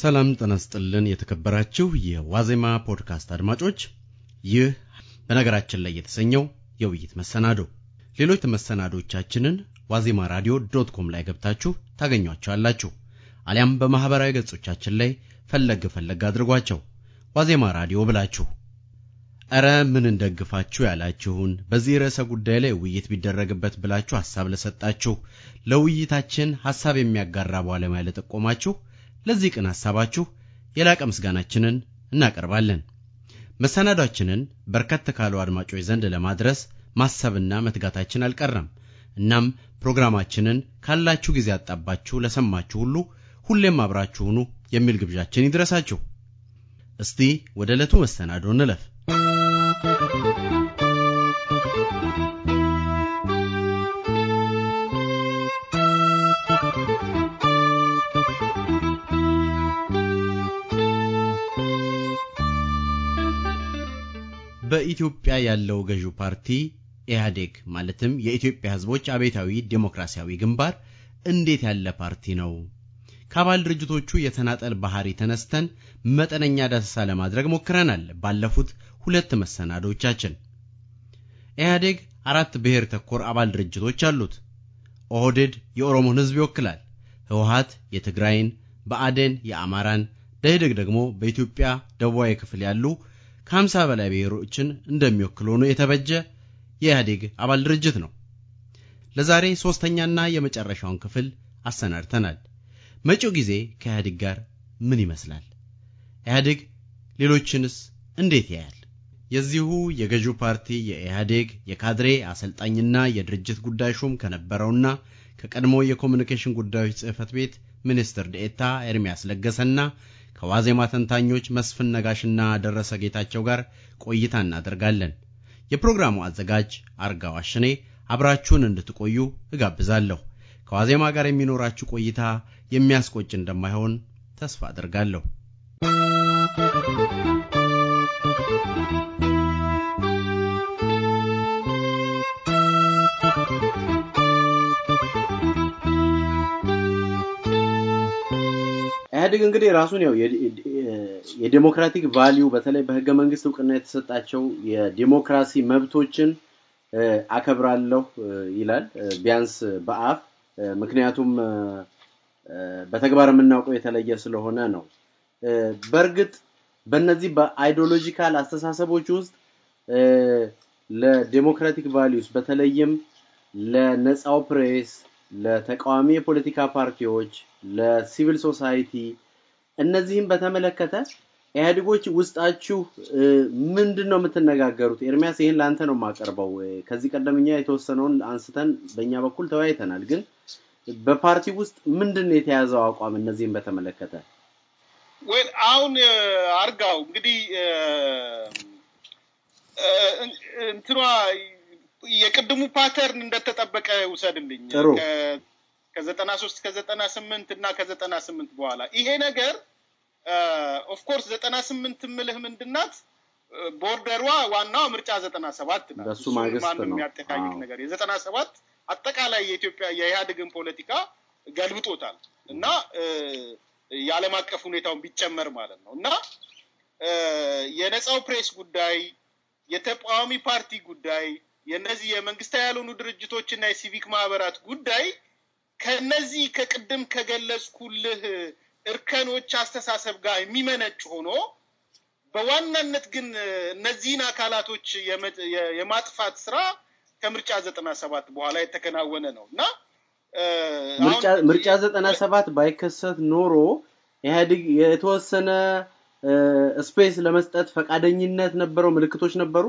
ሰላም ጠነስጥልን የተከበራችሁ የዋዜማ ፖድካስት አድማጮች፣ ይህ በነገራችን ላይ የተሰኘው የውይይት መሰናዶ ሌሎች መሰናዶቻችንን ዋዜማ ራዲዮ ዶት ኮም ላይ ገብታችሁ ታገኟቸዋላችሁ። አሊያም በማኅበራዊ ገጾቻችን ላይ ፈለግ ፈለግ አድርጓቸው ዋዜማ ራዲዮ ብላችሁ እረ ምን እንደግፋችሁ ያላችሁን በዚህ ርዕሰ ጉዳይ ላይ ውይይት ቢደረግበት ብላችሁ ሐሳብ ለሰጣችሁ፣ ለውይይታችን ሐሳብ የሚያጋራ በኋላ ለጠቆማችሁ ለዚህ ቅን ሐሳባችሁ የላቀ ምስጋናችንን እናቀርባለን። መሰናዷችንን በርከት ካሉ አድማጮች ዘንድ ለማድረስ ማሰብና መትጋታችን አልቀረም። እናም ፕሮግራማችንን ካላችሁ ጊዜ አጣባችሁ ለሰማችሁ ሁሉ ሁሌም አብራችሁ ሁኑ የሚል ግብዣችን ይድረሳችሁ። እስቲ ወደ ዕለቱ መሰናዶ እንለፍ። ያለው ገዢው ፓርቲ ኢህአዴግ ማለትም የኢትዮጵያ ሕዝቦች አብዮታዊ ዴሞክራሲያዊ ግንባር እንዴት ያለ ፓርቲ ነው? ከአባል ድርጅቶቹ የተናጠል ባህሪ ተነስተን መጠነኛ ዳሰሳ ለማድረግ ሞክረናል። ባለፉት ሁለት መሰናዶቻችን ኢህአዴግ አራት ብሔር ተኮር አባል ድርጅቶች አሉት። ኦህዴድ የኦሮሞን ህዝብ ይወክላል። ህወሓት የትግራይን፣ በአደን፣ የአማራን፣ ደኢህዴግ ደግሞ በኢትዮጵያ ደቡባዊ ክፍል ያሉ ከ ከ50 በላይ ብሔሮችን እንደሚወክል ሆኖ የተበጀ የኢህአዴግ አባል ድርጅት ነው። ለዛሬ ሦስተኛና የመጨረሻውን ክፍል አሰናድተናል። መጪው ጊዜ ከኢህአዴግ ጋር ምን ይመስላል? ኢህአዴግ ሌሎችንስ እንዴት ያያል? የዚሁ የገዢው ፓርቲ የኢህአዴግ የካድሬ አሰልጣኝና የድርጅት ጉዳይ ሹም ከነበረውና ከቀድሞ የኮሚኒኬሽን ጉዳዮች ጽህፈት ቤት ሚኒስትር ዴኤታ ኤርሚያስ ለገሰና ከዋዜማ ተንታኞች መስፍን ነጋሽና ደረሰ ጌታቸው ጋር ቆይታ እናደርጋለን። የፕሮግራሙ አዘጋጅ አርጋው አሽኔ፣ አብራችሁን እንድትቆዩ እጋብዛለሁ። ከዋዜማ ጋር የሚኖራችሁ ቆይታ የሚያስቆጭ እንደማይሆን ተስፋ አድርጋለሁ። ኢህአዴግ እንግዲህ ራሱን ያው የዴሞክራቲክ ቫሊዩ በተለይ በህገ መንግስት እውቅና የተሰጣቸው የዴሞክራሲ መብቶችን አከብራለሁ ይላል፣ ቢያንስ በአፍ ምክንያቱም በተግባር የምናውቀው የተለየ ስለሆነ ነው። በእርግጥ በእነዚህ በአይዲዮሎጂካል አስተሳሰቦች ውስጥ ለዴሞክራቲክ ቫሊዩስ በተለይም ለነፃው ፕሬስ ለተቃዋሚ የፖለቲካ ፓርቲዎች፣ ለሲቪል ሶሳይቲ እነዚህም በተመለከተ ኢህአዴጎች ውስጣችሁ ምንድን ነው የምትነጋገሩት? ኤርሚያስ ይህን ለአንተ ነው የማቀርበው። ከዚህ ቀደም የተወሰነውን አንስተን በእኛ በኩል ተወያይተናል። ግን በፓርቲ ውስጥ ምንድን ነው የተያዘው አቋም እነዚህም በተመለከተ? ወይ አሁን አርጋው እንግዲህ እንትኗ የቅድሙ ፓተርን እንደተጠበቀ ውሰድልኝ። ከዘጠና ሶስት ከዘጠና ስምንት እና ከዘጠና ስምንት በኋላ ይሄ ነገር ኦፍኮርስ ዘጠና ስምንት ምልህ ምንድናት ቦርደሯ ዋናው ምርጫ ዘጠና ሰባት ናት። ማንም የሚያጠቃይቅ ነገር የዘጠና ሰባት አጠቃላይ የኢትዮጵያ የኢህአዴግን ፖለቲካ ገልብጦታል እና የዓለም አቀፍ ሁኔታውን ቢጨመር ማለት ነው እና የነፃው ፕሬስ ጉዳይ የተቃዋሚ ፓርቲ ጉዳይ የእነዚህ የመንግስታዊ ያልሆኑ እና የሲቪክ ማህበራት ጉዳይ ከነዚህ ከቅድም ከገለጽኩልህ እርከኖች አስተሳሰብ ጋር የሚመነጭ ሆኖ በዋናነት ግን እነዚህን አካላቶች የማጥፋት ስራ ከምርጫ ዘጠና ሰባት በኋላ የተከናወነ ነው እና ምርጫ ዘጠና ሰባት ባይከሰት ኖሮ ኢህአዲግ የተወሰነ ስፔስ ለመስጠት ፈቃደኝነት ነበረው፣ ምልክቶች ነበሩ።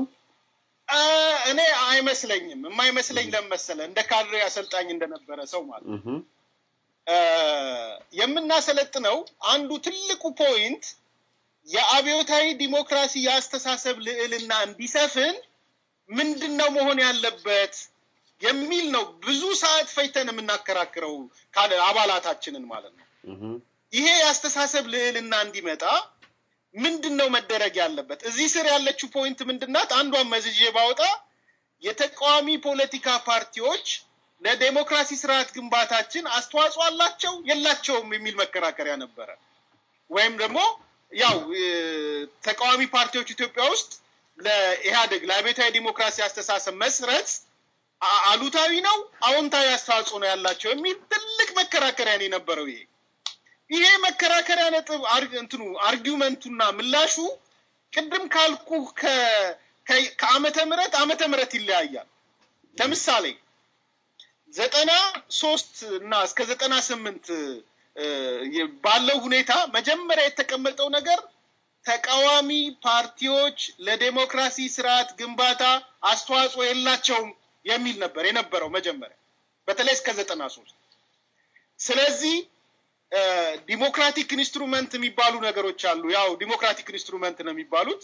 እኔ አይመስለኝም። የማይመስለኝ ለመሰለ እንደ ካድሬ አሰልጣኝ እንደነበረ ሰው ማለት የምናሰለጥነው አንዱ ትልቁ ፖይንት የአብዮታዊ ዲሞክራሲ የአስተሳሰብ ልዕልና እንዲሰፍን ምንድን ነው መሆን ያለበት የሚል ነው። ብዙ ሰዓት ፈይተን የምናከራክረው አባላታችንን ማለት ነው። ይሄ የአስተሳሰብ ልዕልና እንዲመጣ ምንድን ነው መደረግ ያለበት? እዚህ ስር ያለችው ፖይንት ምንድናት? አንዷን መዝዤ ባወጣ የተቃዋሚ ፖለቲካ ፓርቲዎች ለዴሞክራሲ ስርዓት ግንባታችን አስተዋጽኦ አላቸው የላቸውም የሚል መከራከሪያ ነበረ። ወይም ደግሞ ያው ተቃዋሚ ፓርቲዎች ኢትዮጵያ ውስጥ ለኢህአደግ ለአብዮታዊ ዲሞክራሲ አስተሳሰብ መስረት አሉታዊ ነው አዎንታዊ አስተዋጽኦ ነው ያላቸው የሚል ትልቅ መከራከሪያ ነው የነበረው ይሄ ይሄ መከራከሪያ ነጥብ እንትኑ አርጊውመንቱና ምላሹ ቅድም ካልኩ ከአመተ ምረት አመተ ምረት ይለያያል። ለምሳሌ ዘጠና ሶስት እና እስከ ዘጠና ስምንት ባለው ሁኔታ መጀመሪያ የተቀመጠው ነገር ተቃዋሚ ፓርቲዎች ለዴሞክራሲ ስርዓት ግንባታ አስተዋጽኦ የላቸውም የሚል ነበር የነበረው መጀመሪያ በተለይ እስከ ዘጠና ሶስት ስለዚህ ዲሞክራቲክ ኢንስትሩመንት የሚባሉ ነገሮች አሉ። ያው ዲሞክራቲክ ኢንስትሩመንት ነው የሚባሉት።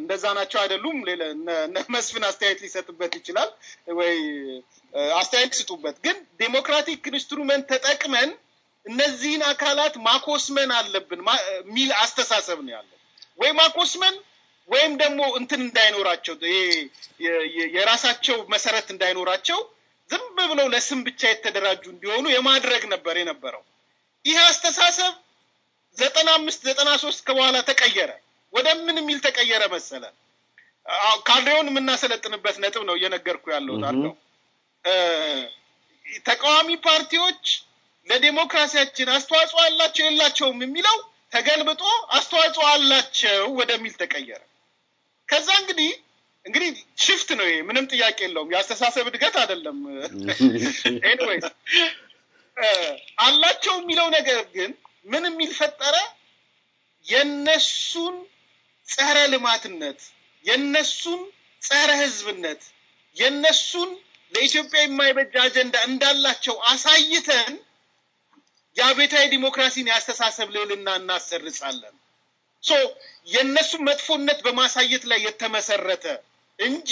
እንደዛ ናቸው አይደሉም? መስፍን አስተያየት ሊሰጥበት ይችላል ወይ አስተያየት ስጡበት። ግን ዲሞክራቲክ ኢንስትሩመንት ተጠቅመን እነዚህን አካላት ማኮስመን አለብን የሚል አስተሳሰብ ነው ያለ። ወይ ማኮስመን ወይም ደግሞ እንትን እንዳይኖራቸው የራሳቸው መሰረት እንዳይኖራቸው ዝም ብለው ለስም ብቻ የተደራጁ እንዲሆኑ የማድረግ ነበር የነበረው። ይህ አስተሳሰብ ዘጠና አምስት ዘጠና ሶስት ከበኋላ ተቀየረ። ወደ ምን የሚል ተቀየረ መሰለ? ካድሬውን የምናሰለጥንበት ነጥብ ነው እየነገርኩ ያለው ታለው ተቃዋሚ ፓርቲዎች ለዴሞክራሲያችን አስተዋጽኦ አላቸው የላቸውም የሚለው ተገልብጦ አስተዋጽኦ አላቸው ወደሚል ተቀየረ። ከዛ እንግዲህ እንግዲህ ሽፍት ነው ይሄ፣ ምንም ጥያቄ የለውም። የአስተሳሰብ እድገት አይደለም። ኤኒዌይስ አላቸው የሚለው ነገር ግን ምን የሚል ፈጠረ? የነሱን ጸረ ልማትነት፣ የነሱን ጸረ ህዝብነት፣ የነሱን ለኢትዮጵያ የማይበጅ አጀንዳ እንዳላቸው አሳይተን የአቤታዊ ዲሞክራሲን ያስተሳሰብ ልዕልና እናሰርጻለን። ሶ የእነሱን መጥፎነት በማሳየት ላይ የተመሰረተ እንጂ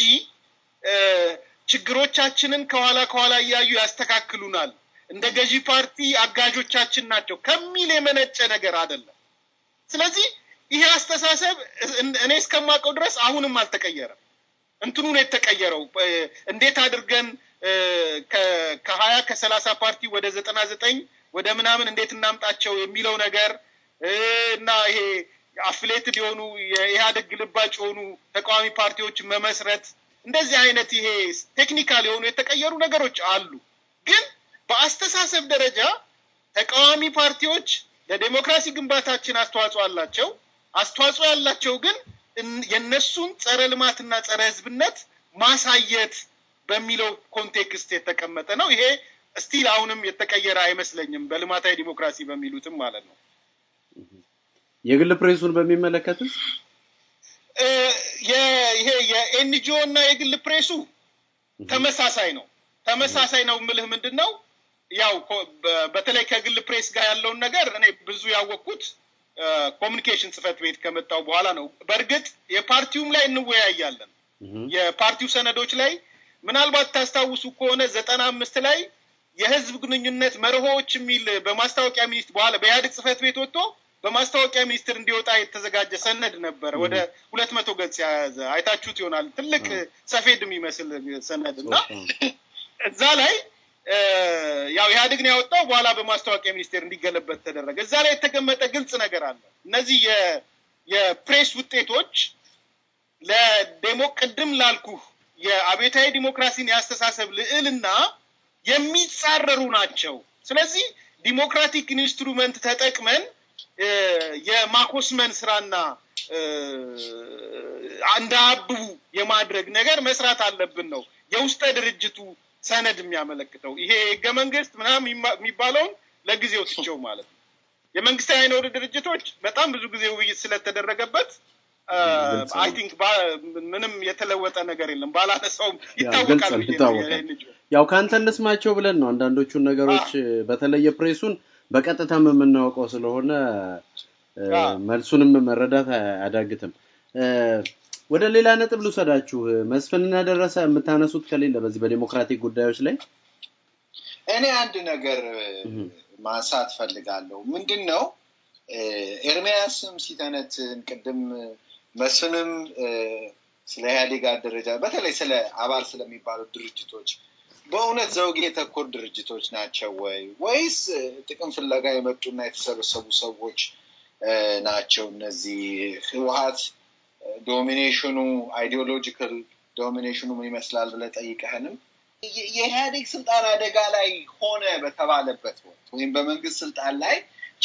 ችግሮቻችንን ከኋላ ከኋላ እያዩ ያስተካክሉናል እንደ ገዢ ፓርቲ አጋዦቻችን ናቸው ከሚል የመነጨ ነገር አይደለም። ስለዚህ ይሄ አስተሳሰብ እኔ እስከማውቀው ድረስ አሁንም አልተቀየረም። እንትኑ ነው የተቀየረው። እንዴት አድርገን ከሀያ ከሰላሳ ፓርቲ ወደ ዘጠና ዘጠኝ ወደ ምናምን እንዴት እናምጣቸው የሚለው ነገር እና ይሄ አፍሌትድ የሆኑ የኢህአደግ ግልባጭ የሆኑ ተቃዋሚ ፓርቲዎች መመስረት እንደዚህ አይነት ይሄ ቴክኒካል የሆኑ የተቀየሩ ነገሮች አሉ ግን በአስተሳሰብ ደረጃ ተቃዋሚ ፓርቲዎች ለዴሞክራሲ ግንባታችን አስተዋጽኦ አላቸው። አስተዋጽኦ ያላቸው ግን የእነሱን ጸረ ልማትና ጸረ ህዝብነት ማሳየት በሚለው ኮንቴክስት የተቀመጠ ነው። ይሄ ስቲል አሁንም የተቀየረ አይመስለኝም። በልማታዊ ዲሞክራሲ በሚሉትም ማለት ነው። የግል ፕሬሱን በሚመለከትም ይሄ የኤንጂኦ እና የግል ፕሬሱ ተመሳሳይ ነው። ተመሳሳይ ነው ምልህ ምንድን ነው ያው በተለይ ከግል ፕሬስ ጋር ያለውን ነገር እኔ ብዙ ያወቅኩት ኮሚኒኬሽን ጽህፈት ቤት ከመጣው በኋላ ነው። በእርግጥ የፓርቲውም ላይ እንወያያለን። የፓርቲው ሰነዶች ላይ ምናልባት ታስታውሱ ከሆነ ዘጠና አምስት ላይ የህዝብ ግንኙነት መርሆዎች የሚል በማስታወቂያ ሚኒስትር በኋላ በኢህአዴግ ጽህፈት ቤት ወጥቶ በማስታወቂያ ሚኒስትር እንዲወጣ የተዘጋጀ ሰነድ ነበረ። ወደ ሁለት መቶ ገጽ የያዘ አይታችሁት ይሆናል። ትልቅ ሰፌድ የሚመስል ሰነድ እና እዛ ላይ ያው ኢህአዴግ ነው ያወጣው። በኋላ በማስታወቂያ ሚኒስቴር እንዲገለበት ተደረገ። እዛ ላይ የተቀመጠ ግልጽ ነገር አለ። እነዚህ የፕሬስ ውጤቶች ለዴሞ ቅድም ላልኩህ የአቤታዊ ዲሞክራሲን ያስተሳሰብ ልዕልና የሚጻረሩ ናቸው። ስለዚህ ዲሞክራቲክ ኢንስትሩመንት ተጠቅመን የማኮስመን ስራና እንዳያብቡ የማድረግ ነገር መስራት አለብን ነው የውስጠ ድርጅቱ ሰነድ የሚያመለክተው ይሄ ህገ መንግስት ምናምን የሚባለውን ለጊዜው ትቸው ማለት ነው። የመንግስት ያልሆኑ ድርጅቶች በጣም ብዙ ጊዜ ውይይት ስለተደረገበት አይ ቲንክ ምንም የተለወጠ ነገር የለም። ባላነሳውም ይታወቃል ይታወቃል። ያው ከአንተ እንስማቸው ብለን ነው አንዳንዶቹን ነገሮች በተለየ ፕሬሱን በቀጥታም የምናውቀው ስለሆነ መልሱንም መረዳት አያዳግትም። ወደ ሌላ ነጥብ ልውሰዳችሁ። መስፍንና ደረሰ የምታነሱት ከሌለ በዚህ በዴሞክራቲክ ጉዳዮች ላይ እኔ አንድ ነገር ማንሳት ፈልጋለሁ። ምንድን ነው ኤርሚያስም ሲተነትን ቅድም መስፍንም ስለ ኢህአዴግ አደረጃ በተለይ ስለ አባል ስለሚባሉ ድርጅቶች በእውነት ዘውጌ የተኮር ድርጅቶች ናቸው ወይ ወይስ ጥቅም ፍለጋ የመጡና የተሰበሰቡ ሰዎች ናቸው? እነዚህ ህወሀት ዶሚኔሽኑ አይዲዮሎጂካል ዶሚኔሽኑ ምን ይመስላል ብለህ ጠይቀህንም የኢህአዴግ ስልጣን አደጋ ላይ ሆነ በተባለበት ወቅት ወይም በመንግስት ስልጣን ላይ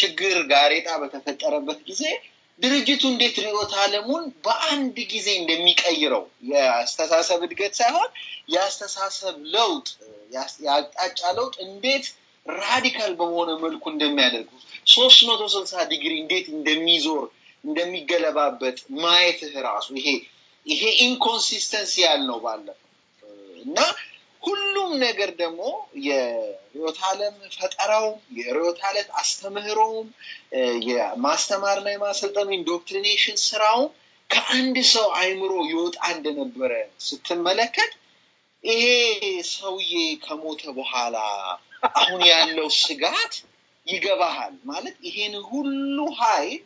ችግር ጋሬጣ በተፈጠረበት ጊዜ ድርጅቱ እንዴት ርዕዮተ ዓለሙን በአንድ ጊዜ እንደሚቀይረው የአስተሳሰብ እድገት ሳይሆን የአስተሳሰብ ለውጥ የአቅጣጫ ለውጥ እንዴት ራዲካል በሆነ መልኩ እንደሚያደርጉ ሶስት መቶ ስልሳ ዲግሪ እንዴት እንደሚዞር እንደሚገለባበት ማየትህ ራሱ ይሄ ይሄ ኢንኮንሲስተንሲ ያልነው ባለፈ እና ሁሉም ነገር ደግሞ የርዕዮተ ዓለም ፈጠራውም የርዕዮተ ዓለም አስተምህሮውም የማስተማርና የማሰልጠኑ ኢንዶክትሪኔሽን ስራውም ከአንድ ሰው አይምሮ ይወጣ እንደነበረ ስትመለከት ይሄ ሰውዬ ከሞተ በኋላ አሁን ያለው ስጋት ይገባሃል ማለት ይሄን ሁሉ ሀይል።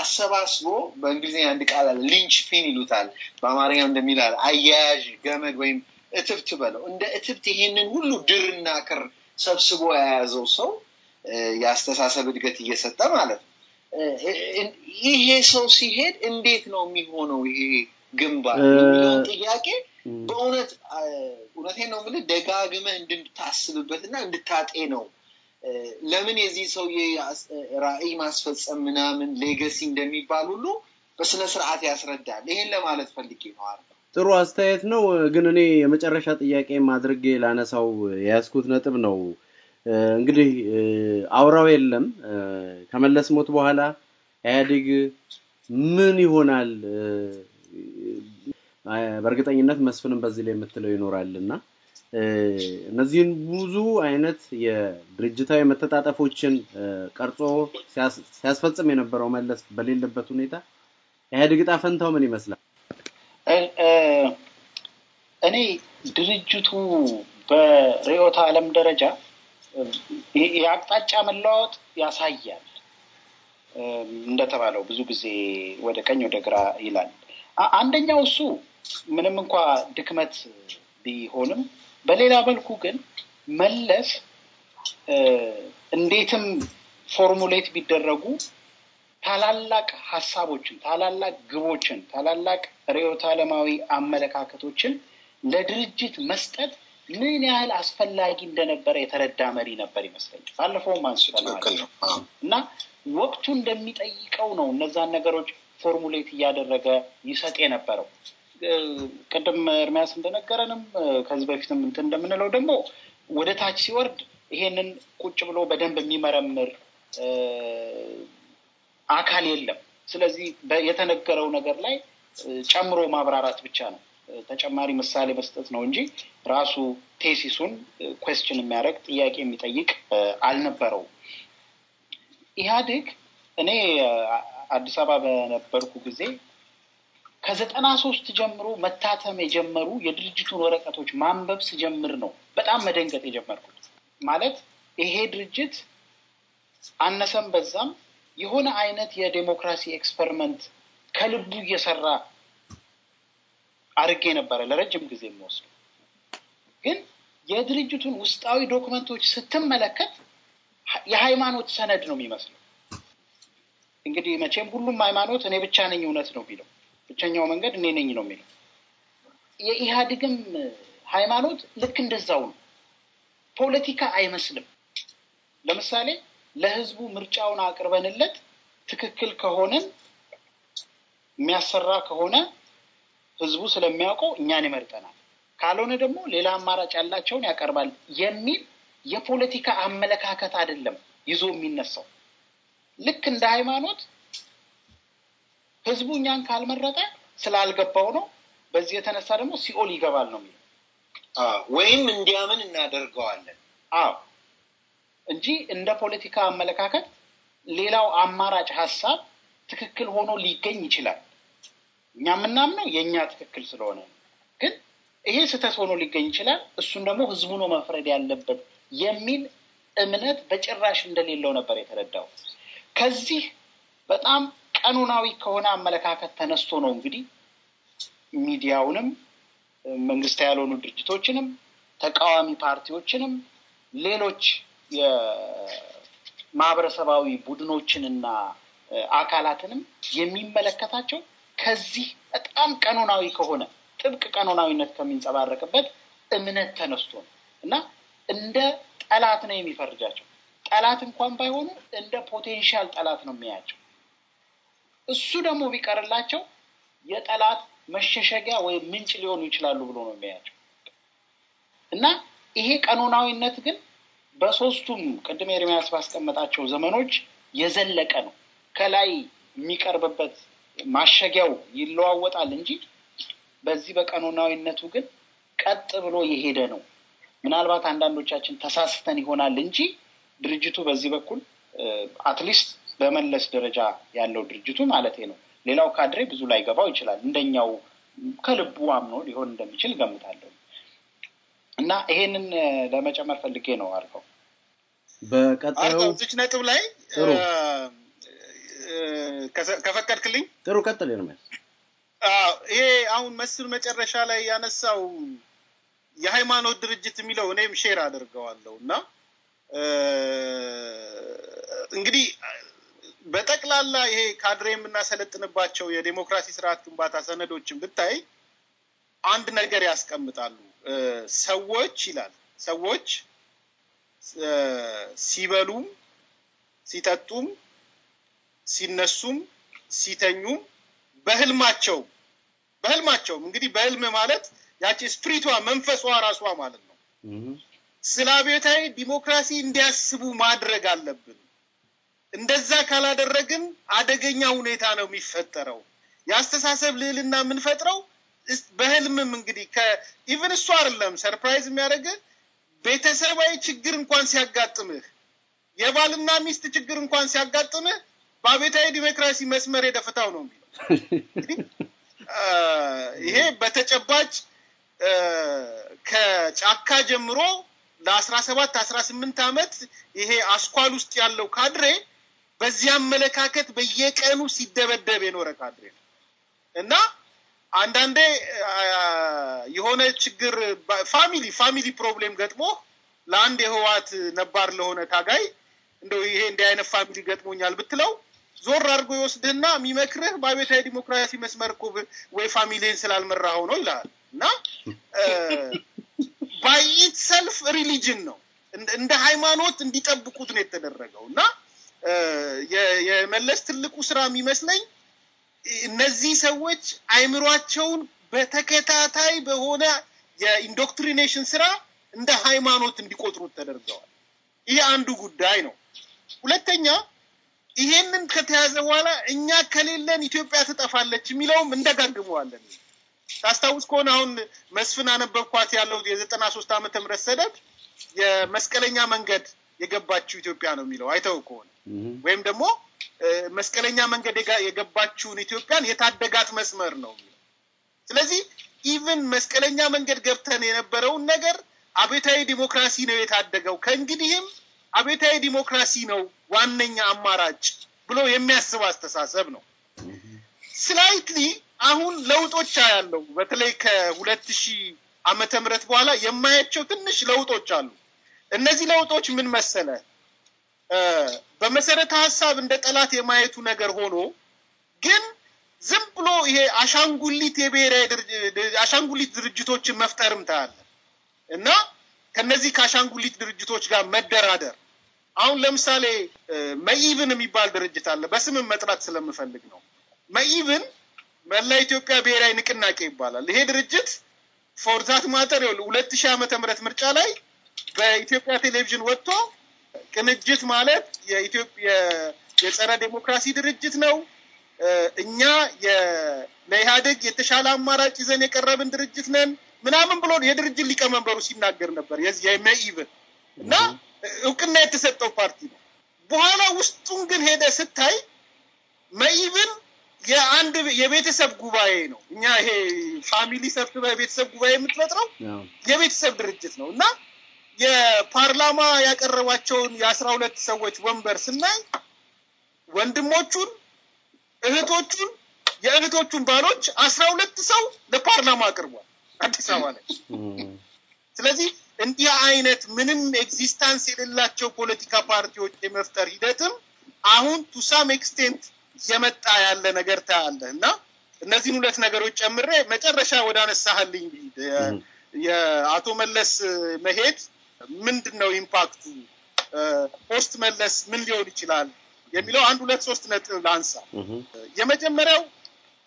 አሰባስቦ በእንግሊዝኛ አንድ ቃል አለ፣ ሊንች ፒን ይሉታል። በአማርኛ እንደሚላል አያያዥ ገመድ ወይም እትብት በለው። እንደ እትብት ይሄንን ሁሉ ድርና ክር ሰብስቦ የያዘው ሰው የአስተሳሰብ እድገት እየሰጠ ማለት ነው። ይሄ ሰው ሲሄድ እንዴት ነው የሚሆነው? ይሄ ግንባር የሚለውን ጥያቄ በእውነት እውነቴን ነው የምልህ ደጋግመህ እንድታስብበት እና እንድታጤ ነው ለምን የዚህ ሰውዬ ራዕይ ማስፈጸም ምናምን ሌገሲ እንደሚባል ሁሉ በስነ ስርዓት ያስረዳል። ይሄን ለማለት ፈልጌ ነው። ጥሩ አስተያየት ነው። ግን እኔ የመጨረሻ ጥያቄ አድርጌ ላነሳው የያዝኩት ነጥብ ነው። እንግዲህ አውራው የለም ከመለስ ሞት በኋላ ኢህአዴግ ምን ይሆናል? በእርግጠኝነት መስፍንም በዚህ ላይ የምትለው ይኖራል እና እነዚህን ብዙ አይነት የድርጅታዊ መተጣጠፎችን ቀርጾ ሲያስፈጽም የነበረው መለስ በሌለበት ሁኔታ ኢህአዴግ ዕጣ ፈንታው ምን ይመስላል? እኔ ድርጅቱ በርዕዮተ ዓለም ደረጃ የአቅጣጫ መለዋወጥ ያሳያል። እንደተባለው ብዙ ጊዜ ወደ ቀኝ ወደ ግራ ይላል። አንደኛው እሱ ምንም እንኳ ድክመት ቢሆንም በሌላ መልኩ ግን መለስ እንዴትም ፎርሙሌት ቢደረጉ ታላላቅ ሀሳቦችን፣ ታላላቅ ግቦችን፣ ታላላቅ ሬዮት አለማዊ አመለካከቶችን ለድርጅት መስጠት ምን ያህል አስፈላጊ እንደነበረ የተረዳ መሪ ነበር ይመስለኛል። ባለፈውም አንስተን እና ወቅቱ እንደሚጠይቀው ነው እነዛን ነገሮች ፎርሙሌት እያደረገ ይሰጥ የነበረው ቅድም እርሚያስ እንደነገረንም ከዚህ በፊትም እንትን እንደምንለው ደግሞ ወደ ታች ሲወርድ ይሄንን ቁጭ ብሎ በደንብ የሚመረምር አካል የለም። ስለዚህ የተነገረው ነገር ላይ ጨምሮ ማብራራት ብቻ ነው፣ ተጨማሪ ምሳሌ መስጠት ነው እንጂ ራሱ ቴሲሱን ኮስችን የሚያደርግ ጥያቄ የሚጠይቅ አልነበረውም። ኢህአዴግ እኔ አዲስ አበባ በነበርኩ ጊዜ ከዘጠና ሶስት ጀምሮ መታተም የጀመሩ የድርጅቱን ወረቀቶች ማንበብ ስጀምር ነው በጣም መደንገጥ የጀመርኩት። ማለት ይሄ ድርጅት አነሰም በዛም የሆነ አይነት የዴሞክራሲ ኤክስፐሪመንት ከልቡ እየሰራ አድርጌ ነበረ ለረጅም ጊዜ የሚወስዱ ግን የድርጅቱን ውስጣዊ ዶክመንቶች ስትመለከት የሃይማኖት ሰነድ ነው የሚመስለው። እንግዲህ መቼም ሁሉም ሃይማኖት እኔ ብቻ ነኝ እውነት ነው ቢለው ብቸኛው መንገድ እኔ ነኝ ነው የሚለው። የኢህአዴግም ሃይማኖት ልክ እንደዛው ነው። ፖለቲካ አይመስልም። ለምሳሌ ለህዝቡ ምርጫውን አቅርበንለት ትክክል ከሆነን የሚያሰራ ከሆነ ህዝቡ ስለሚያውቀው እኛን ይመርጠናል፣ ካልሆነ ደግሞ ሌላ አማራጭ ያላቸውን ያቀርባል የሚል የፖለቲካ አመለካከት አይደለም ይዞ የሚነሳው ልክ እንደ ሃይማኖት ህዝቡ እኛን ካልመረጠ ስላልገባው ነው። በዚህ የተነሳ ደግሞ ሲኦል ይገባል ነው የሚለው ወይም እንዲያምን እናደርገዋለን። አዎ እንጂ እንደ ፖለቲካ አመለካከት ሌላው አማራጭ ሀሳብ ትክክል ሆኖ ሊገኝ ይችላል። እኛ የምናምነው የእኛ ትክክል ስለሆነ ግን ይሄ ስህተት ሆኖ ሊገኝ ይችላል። እሱን ደግሞ ህዝቡ ነው መፍረድ ያለበት የሚል እምነት በጭራሽ እንደሌለው ነበር የተረዳው። ከዚህ በጣም ቀኖናዊ ከሆነ አመለካከት ተነስቶ ነው እንግዲህ ሚዲያውንም መንግስት ያልሆኑ ድርጅቶችንም ተቃዋሚ ፓርቲዎችንም ሌሎች የማህበረሰባዊ ቡድኖችንና አካላትንም የሚመለከታቸው ከዚህ በጣም ቀኖናዊ ከሆነ ጥብቅ ቀኖናዊነት ከሚንጸባረቅበት እምነት ተነስቶ ነው እና እንደ ጠላት ነው የሚፈርጃቸው። ጠላት እንኳን ባይሆኑ እንደ ፖቴንሻል ጠላት ነው የሚያያቸው። እሱ ደግሞ ቢቀርላቸው የጠላት መሸሸጊያ ወይም ምንጭ ሊሆኑ ይችላሉ ብሎ ነው የሚያቸው እና ይሄ ቀኖናዊነት ግን በሶስቱም ቅድም ኤርሚያስ ባስቀመጣቸው ዘመኖች የዘለቀ ነው። ከላይ የሚቀርብበት ማሸጊያው ይለዋወጣል እንጂ በዚህ በቀኖናዊነቱ ግን ቀጥ ብሎ የሄደ ነው። ምናልባት አንዳንዶቻችን ተሳስተን ይሆናል እንጂ ድርጅቱ በዚህ በኩል አትሊስት በመለስ ደረጃ ያለው ድርጅቱ ማለት ነው። ሌላው ካድሬ ብዙ ላይ ገባው ይችላል። እንደኛው ከልቡ አምኖ ሊሆን እንደሚችል ገምታለሁ እና ይሄንን ለመጨመር ፈልጌ ነው አርገው በቀጣዩ ነጥብ ላይ ከፈቀድክልኝ ጥሩ ቀጥል። ይሄ አሁን መስል መጨረሻ ላይ ያነሳው የሃይማኖት ድርጅት የሚለው እኔም ሼር አድርገዋለሁ እና እንግዲህ በጠቅላላ ይሄ ካድሬ የምናሰለጥንባቸው የዴሞክራሲ ስርዓት ግንባታ ሰነዶችን ብታይ አንድ ነገር ያስቀምጣሉ። ሰዎች ይላል ሰዎች ሲበሉም ሲጠጡም ሲነሱም ሲተኙም በህልማቸው በህልማቸውም እንግዲህ በህልም ማለት ያቺ ስፕሪቷ መንፈሷ ራሷ ማለት ነው። ስለ አብዮታዊ ዲሞክራሲ እንዲያስቡ ማድረግ አለብን። እንደዛ ካላደረግን አደገኛ ሁኔታ ነው የሚፈጠረው። የአስተሳሰብ ልዕልና የምንፈጥረው በህልምም እንግዲህ ከኢቨን እሱ አይደለም ሰርፕራይዝ የሚያደርግ ቤተሰባዊ ችግር እንኳን ሲያጋጥምህ የባልና ሚስት ችግር እንኳን ሲያጋጥምህ በአቤታዊ ዲሞክራሲ መስመር የደፍታው ነው የሚለው ይሄ በተጨባጭ ከጫካ ጀምሮ ለአስራ ሰባት አስራ ስምንት ዓመት ይሄ አስኳል ውስጥ ያለው ካድሬ በዚህ አመለካከት በየቀኑ ሲደበደብ የኖረ ካድሬ ነው እና አንዳንዴ የሆነ ችግር ፋሚሊ ፋሚሊ ፕሮብሌም ገጥሞ ለአንድ የህዋት ነባር ለሆነ ታጋይ እንደ ይሄ እንዲህ አይነት ፋሚሊ ገጥሞኛል ብትለው ዞር አድርጎ ይወስድና የሚመክርህ በአብዮታዊ ዲሞክራሲ መስመር እኮ ወይ ፋሚሊን ስላልመራኸው ነው ይልሃል እና ባይት ሰልፍ ሪሊጅን ነው እንደ ሃይማኖት እንዲጠብቁት ነው የተደረገው እና የመለስ ትልቁ ስራ የሚመስለኝ እነዚህ ሰዎች አይምሯቸውን በተከታታይ በሆነ የኢንዶክትሪኔሽን ስራ እንደ ሃይማኖት እንዲቆጥሩት ተደርገዋል። ይህ አንዱ ጉዳይ ነው። ሁለተኛ ይሄንን ከተያዘ በኋላ እኛ ከሌለን ኢትዮጵያ ትጠፋለች የሚለውም እንደጋግመዋለን። ታስታውስ ከሆነ አሁን መስፍን አነበብኳት ያለው የዘጠና ሶስት ዓመተ ምህረት ሰደድ የመስቀለኛ መንገድ የገባችው ኢትዮጵያ ነው የሚለው አይተው ከሆነ Mm-hmm. ወይም ደግሞ መስቀለኛ መንገድ የገባችውን ኢትዮጵያን የታደጋት መስመር ነው። ስለዚህ ኢቭን መስቀለኛ መንገድ ገብተን የነበረውን ነገር አቤታዊ ዲሞክራሲ ነው የታደገው። ከእንግዲህም አቤታዊ ዲሞክራሲ ነው ዋነኛ አማራጭ ብሎ የሚያስብ አስተሳሰብ ነው። ስላይትሊ mm-hmm. አሁን ለውጦች ያለው በተለይ ከሁለት ሺህ ዓመተ ምህረት በኋላ የማያቸው ትንሽ ለውጦች አሉ። እነዚህ ለውጦች ምን መሰለ? በመሰረተ ሀሳብ እንደ ጠላት የማየቱ ነገር ሆኖ ግን ዝም ብሎ ይሄ አሻንጉሊት የብሔራዊ አሻንጉሊት ድርጅቶችን መፍጠርም ታያለ እና ከነዚህ ከአሻንጉሊት ድርጅቶች ጋር መደራደር አሁን ለምሳሌ መኢብን የሚባል ድርጅት አለ። በስምም መጥራት ስለምፈልግ ነው። መኢብን መላ ኢትዮጵያ ብሔራዊ ንቅናቄ ይባላል። ይሄ ድርጅት ፎርዛት ዛት ማተር ሁለት ሺህ ዓመተ ምህረት ምርጫ ላይ በኢትዮጵያ ቴሌቪዥን ወጥቶ ቅንጅት ማለት የጸረ ዴሞክራሲ ድርጅት ነው። እኛ ለኢህአደግ የተሻለ አማራጭ ይዘን የቀረብን ድርጅት ነን ምናምን ብሎ የድርጅት ሊቀመንበሩ ሲናገር ነበር። የመኢብን እና እውቅና የተሰጠው ፓርቲ ነው። በኋላ ውስጡን ግን ሄደ ስታይ መኢብን የአንድ የቤተሰብ ጉባኤ ነው። እኛ ይሄ ፋሚሊ ሰብስባ የቤተሰብ ጉባኤ የምትፈጥረው የቤተሰብ ድርጅት ነው እና የፓርላማ ያቀረቧቸውን የአስራ ሁለት ሰዎች ወንበር ስናይ ወንድሞቹን፣ እህቶቹን፣ የእህቶቹን ባሎች አስራ ሁለት ሰው ለፓርላማ አቅርቧል አዲስ አበባ ላይ። ስለዚህ እንዲህ አይነት ምንም ኤግዚስታንስ የሌላቸው ፖለቲካ ፓርቲዎች የመፍጠር ሂደትም አሁን ቱሳም ኤክስቴንት እየመጣ ያለ ነገር ታያለ እና እነዚህን ሁለት ነገሮች ጨምሬ መጨረሻ ወደ አነሳህልኝ የአቶ መለስ መሄድ ምንድን ነው ኢምፓክቱ፣ ፖስት መለስ ምን ሊሆን ይችላል የሚለው አንድ ሁለት ሶስት ነጥብ ላንሳ። የመጀመሪያው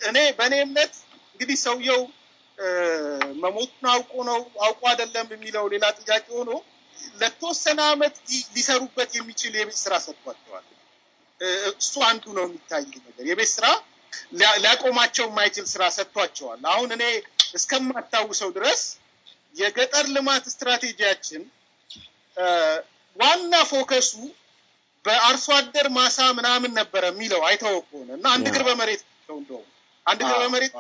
እኔ በእኔ እምነት እንግዲህ ሰውየው መሞቱን አውቆ ነው አውቆ አይደለም የሚለው ሌላ ጥያቄ ሆኖ ለተወሰነ አመት ሊሰሩበት የሚችል የቤት ስራ ሰጥቷቸዋል። እሱ አንዱ ነው የሚታይ ነገር። የቤት ስራ ሊያቆማቸው የማይችል ስራ ሰጥቷቸዋል። አሁን እኔ እስከማታውሰው ድረስ የገጠር ልማት ስትራቴጂያችን ዋና ፎከሱ በአርሶ አደር ማሳ ምናምን ነበረ የሚለው አይተው ከሆነ እና አንድ እግር በመሬት ነው እንደውም አንድ እግር በመሬት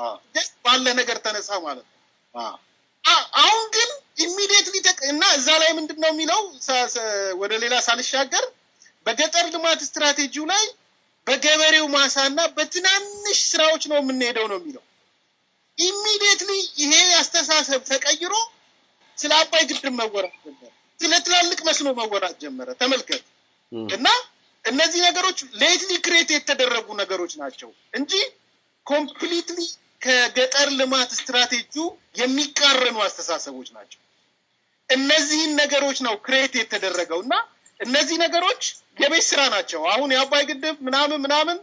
ባለ ነገር ተነሳ ማለት ነው። አሁን ግን ኢሚዲየትሊ እና እዛ ላይ ምንድን ነው የሚለው ወደ ሌላ ሳልሻገር በገጠር ልማት ስትራቴጂው ላይ በገበሬው ማሳ እና በትናንሽ ስራዎች ነው የምንሄደው ነው የሚለው። ኢሚዲየትሊ ይሄ አስተሳሰብ ተቀይሮ ስለ አባይ ግድብ መወራት ነበር። ስለ ትላልቅ መስኖ መወራት ጀመረ። ተመልከት እና እነዚህ ነገሮች ሌትሊ ክሬት የተደረጉ ነገሮች ናቸው እንጂ ኮምፕሊትሊ ከገጠር ልማት ስትራቴጂው የሚቃረኑ አስተሳሰቦች ናቸው። እነዚህን ነገሮች ነው ክሬት የተደረገው እና እነዚህ ነገሮች የቤት ስራ ናቸው። አሁን የአባይ ግድብ ምናምን ምናምን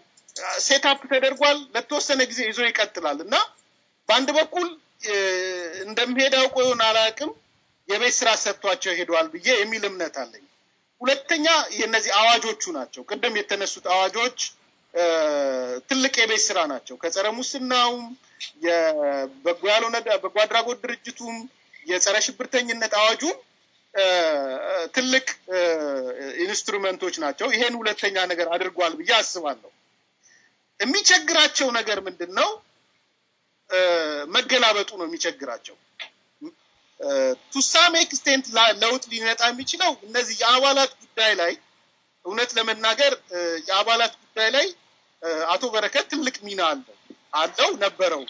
ሴታፕ ተደርጓል። ለተወሰነ ጊዜ ይዞ ይቀጥላል እና በአንድ በኩል እንደሚሄድ አውቆ ይሆን አላውቅም የቤት ስራ ሰጥቷቸው ሄደዋል ብዬ የሚል እምነት አለኝ። ሁለተኛ የነዚህ አዋጆቹ ናቸው። ቅድም የተነሱት አዋጆች ትልቅ የቤት ስራ ናቸው። ከጸረ ሙስናውም የበጎ ያልሆነ በጎ አድራጎት ድርጅቱም የጸረ ሽብርተኝነት አዋጁም ትልቅ ኢንስትሩመንቶች ናቸው። ይሄን ሁለተኛ ነገር አድርጓል ብዬ አስባለሁ። የሚቸግራቸው ነገር ምንድን ነው? መገላበጡ ነው የሚቸግራቸው። ቱሳም ኤክስቴንት ለውጥ ሊመጣ የሚችለው እነዚህ የአባላት ጉዳይ ላይ እውነት ለመናገር የአባላት ጉዳይ ላይ አቶ በረከት ትልቅ ሚና አለው አለው ነበረው።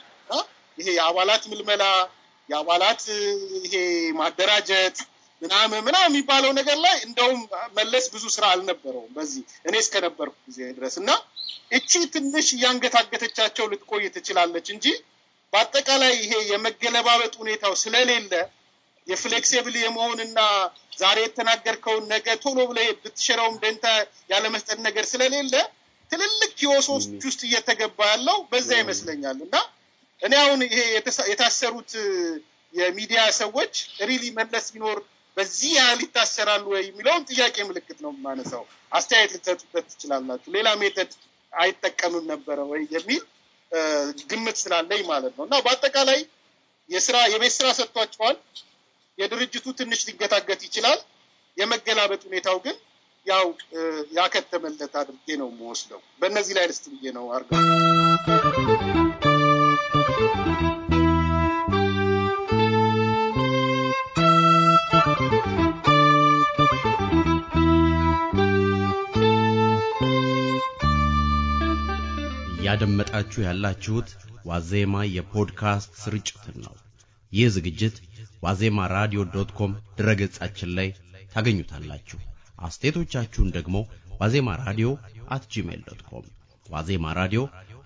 ይሄ የአባላት ምልመላ የአባላት ይሄ ማደራጀት ምናምን ምናምን የሚባለው ነገር ላይ እንደውም መለስ ብዙ ስራ አልነበረውም በዚህ እኔ እስከነበርኩ ጊዜ ድረስ እና እቺ ትንሽ እያንገታገተቻቸው ልትቆይ ትችላለች እንጂ በአጠቃላይ ይሄ የመገለባበጥ ሁኔታው ስለሌለ የፍሌክሲብል የመሆንና ዛሬ የተናገርከውን ነገ ቶሎ ብለ ብትሸረውም ደንታ ያለመስጠት ነገር ስለሌለ ትልልቅ ኪዮሶች ውስጥ እየተገባ ያለው በዛ ይመስለኛል። እና እኔ አሁን ይሄ የታሰሩት የሚዲያ ሰዎች ሪሊ መለስ ቢኖር በዚህ ያህል ይታሰራሉ ወይ የሚለውን ጥያቄ ምልክት ነው ማነሳው አስተያየት ልትሰጡበት ትችላላችሁ። ሌላ ሜተድ አይጠቀምም ነበረ ወይ የሚል ግምት ስላለኝ ማለት ነው እና በአጠቃላይ የስራ የቤት ስራ ሰጥቷቸዋል። የድርጅቱ ትንሽ ሊገታገት ይችላል። የመገላበጥ ሁኔታው ግን ያው ያከተመለት አድርጌ ነው የምወስደው። በእነዚህ ላይ ልስት ብዬ ነው አርጋ እያደመጣችሁ ያላችሁት ዋዜማ የፖድካስት ስርጭትን ነው። ይህ ዝግጅት ዋዜማ ራዲዮ ዶት ኮም ድረገጻችን ላይ ታገኙታላችሁ። አስተያየቶቻችሁን ደግሞ ዋዜማ ራዲዮ አት ጂሜል ዶት ኮም ዋዜማ ራዲዮ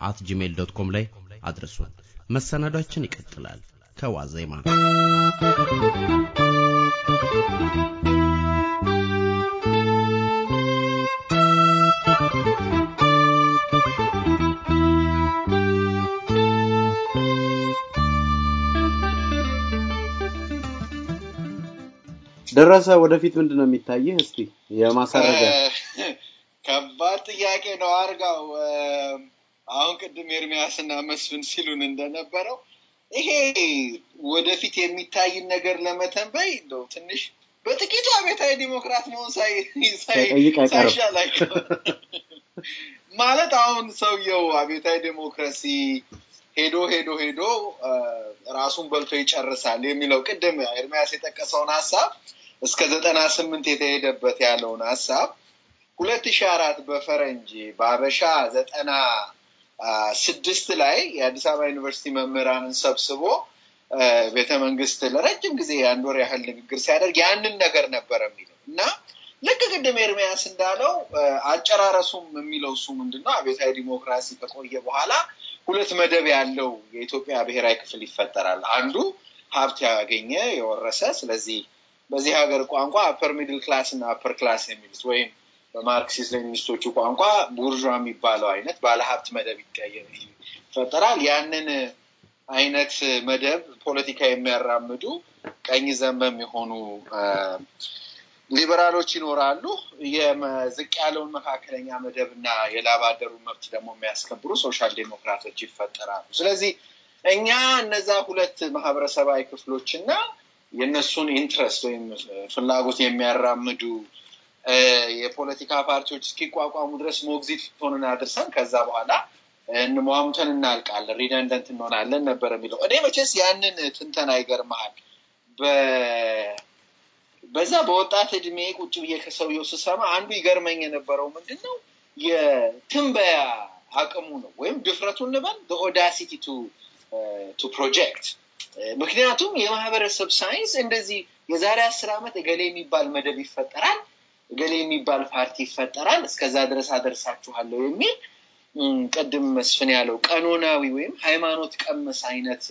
አት ጂሜል ዶት ኮም ላይ አድርሱን። መሰናዷችን ይቀጥላል። ከዋዜማ Thank ደረሰ ወደፊት ምንድን ነው የሚታይህ? እስቲ የማሳረጊያ ከባድ ጥያቄ ነው አርጋው። አሁን ቅድም ኤርሚያስና መስፍን ሲሉን እንደነበረው ይሄ ወደፊት የሚታይን ነገር ለመተንበይ ነው ትንሽ በጥቂቱ አቤታዊ ዲሞክራት መሆን ሳይሻላቸው ማለት አሁን ሰውየው አቤታዊ ዴሞክራሲ ሄዶ ሄዶ ሄዶ ራሱን በልቶ ይጨርሳል የሚለው ቅድም ኤርሚያስ የጠቀሰውን ሀሳብ እስከ ዘጠና ስምንት የተሄደበት ያለውን ሀሳብ ሁለት ሺ አራት በፈረንጅ በአበሻ ዘጠና ስድስት ላይ የአዲስ አበባ ዩኒቨርሲቲ መምህራንን ሰብስቦ ቤተ መንግስት ለረጅም ጊዜ የአንድ ወር ያህል ንግግር ሲያደርግ ያንን ነገር ነበር የሚለው እና ልክ ቅድም ኤርሚያስ እንዳለው አጨራረሱም የሚለው እሱ ምንድነው አቤታዊ ዲሞክራሲ ከቆየ በኋላ ሁለት መደብ ያለው የኢትዮጵያ ብሔራዊ ክፍል ይፈጠራል። አንዱ ሀብት ያገኘ የወረሰ ስለዚህ በዚህ ሀገር ቋንቋ አፐር ሚድል ክላስ እና አፐር ክላስ የሚሉት ወይም በማርክሲስ ሌኒኒስቶቹ ቋንቋ ቡርዣ የሚባለው አይነት ባለሀብት መደብ ይፈጠራል። ያንን አይነት መደብ ፖለቲካ የሚያራምዱ ቀኝ ዘመም የሆኑ ሊበራሎች ይኖራሉ። ዝቅ ያለውን መካከለኛ መደብ እና የላባደሩ መብት ደግሞ የሚያስከብሩ ሶሻል ዴሞክራቶች ይፈጠራሉ። ስለዚህ እኛ እነዛ ሁለት ማህበረሰባዊ ክፍሎች እና የእነሱን ኢንትረስት ወይም ፍላጎት የሚያራምዱ የፖለቲካ ፓርቲዎች እስኪቋቋሙ ድረስ ሞግዚት ሆንን አድርሰን ከዛ በኋላ እንሟምተን እናልቃለን፣ ሪደንደንት እንሆናለን ነበር የሚለው። እኔ መቼስ ያንን ትንተና ይገርመሃል። በዛ በወጣት እድሜ ቁጭ ብዬ ከሰውየው ስሰማ አንዱ ይገርመኝ የነበረው ምንድን ነው የትንበያ አቅሙ ነው ወይም ድፍረቱን እንበል ኦዳሲቲ ቱ ፕሮጀክት ምክንያቱም የማህበረሰብ ሳይንስ እንደዚህ የዛሬ አስር ዓመት እገሌ የሚባል መደብ ይፈጠራል፣ እገሌ የሚባል ፓርቲ ይፈጠራል፣ እስከዛ ድረስ አደርሳችኋለሁ የሚል ቅድም መስፍን ያለው ቀኖናዊ ወይም ሃይማኖት ቀመስ አይነት